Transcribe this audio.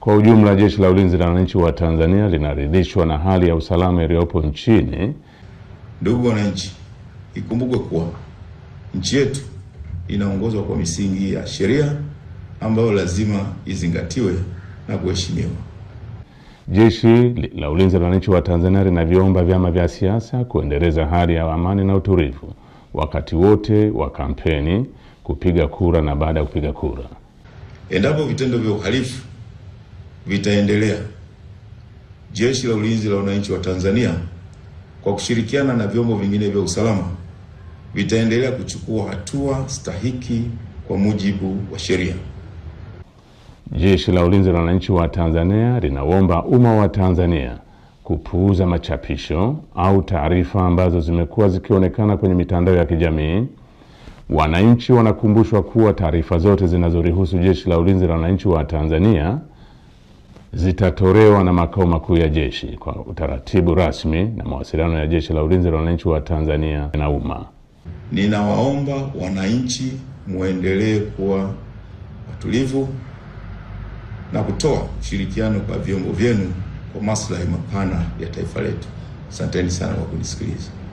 Kwa ujumla, Jeshi la Ulinzi la Wananchi wa Tanzania linaridhishwa na hali ya usalama iliyopo nchini. Ndugu wananchi, ikumbukwe kuwa nchi yetu inaongozwa kwa misingi ya sheria ambayo lazima izingatiwe na kuheshimiwa. Jeshi la Ulinzi la Wananchi wa Tanzania linaviomba vyama vya siasa kuendeleza hali ya amani na utulivu wakati wote wa kampeni, kupiga kura na baada ya kupiga kura. Endapo vitendo vya uhalifu vitaendelea. Jeshi la Ulinzi la Wananchi wa Tanzania kwa kushirikiana na vyombo vingine vya usalama vitaendelea kuchukua hatua stahiki kwa mujibu wa sheria. Jeshi la Ulinzi la Wananchi wa Tanzania linaomba umma wa Tanzania kupuuza machapisho au taarifa ambazo zimekuwa zikionekana kwenye mitandao ya kijamii. Wananchi wanakumbushwa kuwa taarifa zote zinazoruhusu Jeshi la Ulinzi la Wananchi wa Tanzania zitatolewa na makao makuu ya jeshi kwa utaratibu rasmi na mawasiliano ya Jeshi la Ulinzi la Wananchi wa Tanzania na umma. Ninawaomba wananchi muendelee kuwa watulivu na kutoa ushirikiano kwa vyombo vyenu kwa maslahi mapana ya taifa letu. Asanteni sana kwa kunisikiliza.